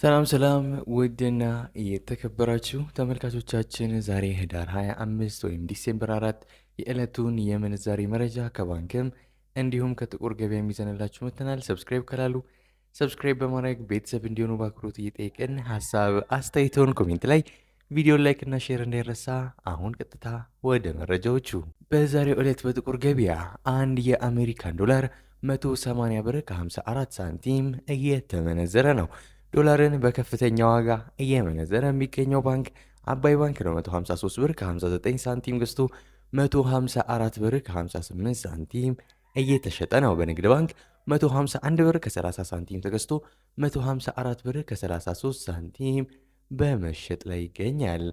ሰላም ሰላም ውድና የተከበራችሁ ተመልካቾቻችን ዛሬ ህዳር 25 ወይም ዲሴምበር 4 የዕለቱን የምንዛሬ መረጃ ከባንክም እንዲሁም ከጥቁር ገበያ የሚዘንላችሁ መተናል። ሰብስክራይብ ካላሉ ሰብስክራይብ በማድረግ ቤተሰብ እንዲሆኑ በአክብሮት እየጠየቅን ሀሳብ አስተያየተውን ኮሜንት ላይ ቪዲዮ ላይክ እና ሼር እንዳይረሳ። አሁን ቀጥታ ወደ መረጃዎቹ። በዛሬው ዕለት በጥቁር ገበያ አንድ የአሜሪካን ዶላር 180 ብር ከ54 ሳንቲም እየተመነዘረ ነው። ዶላርን በከፍተኛ ዋጋ እየመነዘረ የሚገኘው ባንክ አባይ ባንክ ነው። 153 ብር ከ59 ሳንቲም ገዝቶ 154 ብር ከ58 ሳንቲም እየተሸጠ ነው። በንግድ ባንክ 151 ብር ከ30 ሳንቲም ተገዝቶ 154 ብር ከ33 ሳንቲም በመሸጥ ላይ ይገኛል።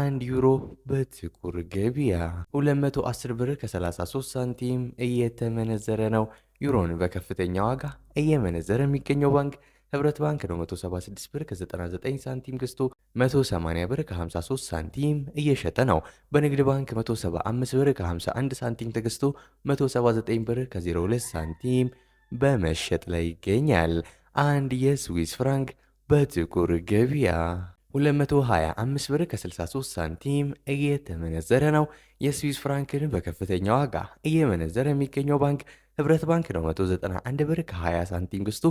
አንድ ዩሮ በጥቁር ገበያ 210 ብር ከ33 ሳንቲም እየተመነዘረ ነው። ዩሮን በከፍተኛ ዋጋ እየመነዘረ የሚገኘው ባንክ ህብረት ባንክ ነው 176 ብር ከ99 ሳንቲም ገዝቶ 180 ብር ከ53 ሳንቲም እየሸጠ ነው። በንግድ ባንክ 175 ብር ከ51 ሳንቲም ተገዝቶ 179 ብር ከ02 ሳንቲም በመሸጥ ላይ ይገኛል። አንድ የስዊስ ፍራንክ በጥቁር ገበያ 225 ብር ከ63 ሳንቲም እየተመነዘረ ነው። የስዊስ ፍራንክን በከፍተኛ ዋጋ እየመነዘረ የሚገኘው ባንክ ህብረት ባንክ ነው 191 ብር ከ20 ሳንቲም ገዝቶ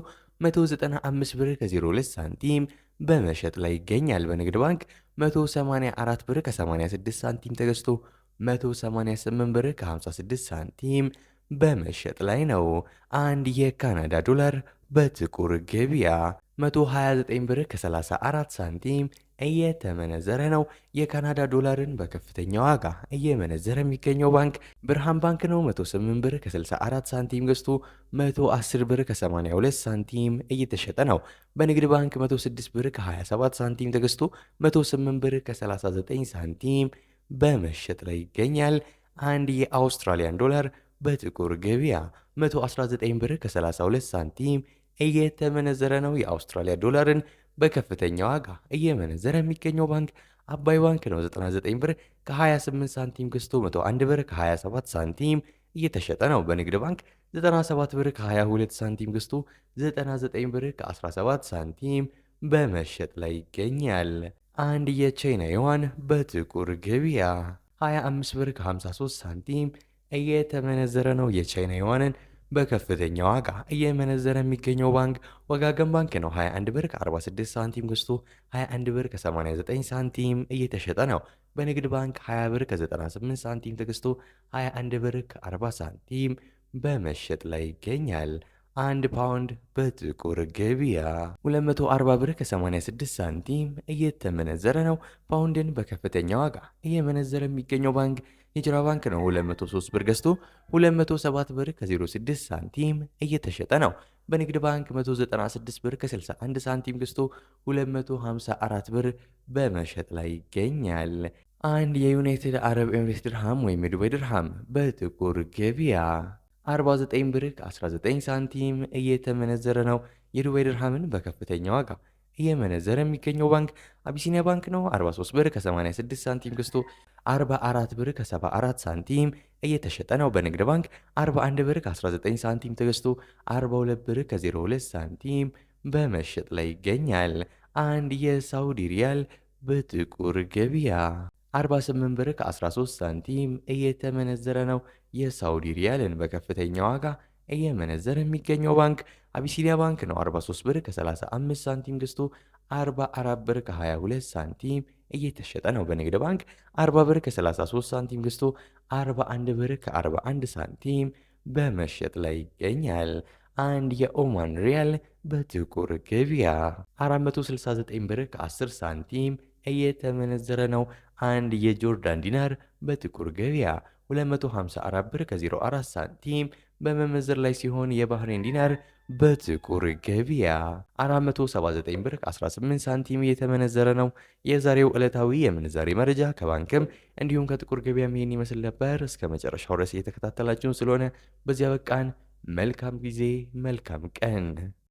195 ብር ከ02 ሳንቲም በመሸጥ ላይ ይገኛል። በንግድ ባንክ 184 ብር ከ86 ሳንቲም ተገዝቶ 188 ብር ከ56 ሳንቲም በመሸጥ ላይ ነው። አንድ የካናዳ ዶላር በጥቁር ገበያ 129 ብር ከ34 ሳንቲም እየተመነዘረ ነው። የካናዳ ዶላርን በከፍተኛ ዋጋ እየመነዘረ የሚገኘው ባንክ ብርሃን ባንክ ነው። 108 ብር ከ64 ሳንቲም ገዝቶ 110 ብር ከ82 ሳንቲም እየተሸጠ ነው። በንግድ ባንክ 106 ብር ከ27 ሳንቲም ተገዝቶ 108 ብር ከ39 ሳንቲም በመሸጥ ላይ ይገኛል። አንድ የአውስትራሊያን ዶላር በጥቁር ገበያ 119 ብር ከ32 ሳንቲም እየተመነዘረ ነው። የአውስትራሊያ ዶላርን በከፍተኛ ዋጋ እየመነዘረ የሚገኘው ባንክ አባይ ባንክ ነው። 99 ብር ከ28 ሳንቲም ገዝቶ 101 ብር ከ27 ሳንቲም እየተሸጠ ነው። በንግድ ባንክ 97 ብር ከ22 ሳንቲም ገዝቶ 99 ብር ከ17 ሳንቲም በመሸጥ ላይ ይገኛል። አንድ የቻይና ዩዋን በጥቁር ገበያ 25 ብር ከ53 ሳንቲም እየተመነዘረ ነው። የቻይና ዩዋንን በከፍተኛ ዋጋ እየመነዘረ የሚገኘው ባንክ ወጋገን ባንክ ነው። 21 ብር ከ46 ሳንቲም ገዝቶ 21 ብር ከ89 ሳንቲም እየተሸጠ ነው። በንግድ ባንክ 20 ብር ከ98 ሳንቲም ተገዝቶ 21 ብር ከ40 ሳንቲም በመሸጥ ላይ ይገኛል። አንድ ፓውንድ በጥቁር ገበያ 240 ብር ከ86 ሳንቲም እየተመነዘረ ነው። ፓውንድን በከፍተኛ ዋጋ እየመነዘረ የሚገኘው ባንክ የጅራ ባንክ ነው። 203 ብር ገዝቶ 207 ብር ከ06 ሳንቲም እየተሸጠ ነው። በንግድ ባንክ 196 ብር ከ61 ሳንቲም ገዝቶ 254 ብር በመሸጥ ላይ ይገኛል። አንድ የዩናይትድ አረብ ኤምሬት ድርሃም ወይም የዱባይ ድርሃም በጥቁር ገበያ 49 ብር 19 ሳንቲም እየተመነዘረ ነው። የዱባይ ድርሃምን በከፍተኛ ዋጋ እየመነዘረ የሚገኘው ባንክ አቢሲኒያ ባንክ ነው። 43 ብር ከ86 ሳንቲም ገዝቶ 44 ብር ከ74 ሳንቲም እየተሸጠ ነው። በንግድ ባንክ 41 ብር ከ19 ሳንቲም ተገዝቶ 42 ብር ከ02 ሳንቲም በመሸጥ ላይ ይገኛል። አንድ የሳውዲ ሪያል በጥቁር ገበያ 48 ብር ከ13 ሳንቲም እየተመነዘረ ነው። የሳውዲ ሪያልን በከፍተኛ ዋጋ እየመነዘረ የሚገኘው ባንክ አቢሲኒያ ባንክ ነው። 43 ብር ከ35 ሳንቲም ገዝቶ 44 ብር ከ22 ሳንቲም እየተሸጠ ነው። በንግድ ባንክ 40 ብር ከ33 ሳንቲም ገዝቶ 41 ብር ከ41 ሳንቲም በመሸጥ ላይ ይገኛል። አንድ የኦማን ሪያል በጥቁር ገበያ 469 ብር ከ10 ሳንቲም እየተመነዘረ ነው። አንድ የጆርዳን ዲናር በጥቁር ገበያ 254 ብር ከ04 ሳንቲም በመመዘር ላይ ሲሆን የባህሬን ዲናር በጥቁር ገበያ 479 ብር 18 ሳንቲም እየተመነዘረ ነው። የዛሬው ዕለታዊ የምንዛሬ መረጃ ከባንክም እንዲሁም ከጥቁር ገበያ ይህን ይመስል ነበር። እስከ መጨረሻው ድረስ እየተከታተላችሁን ስለሆነ በዚያ በቃን። መልካም ጊዜ፣ መልካም ቀን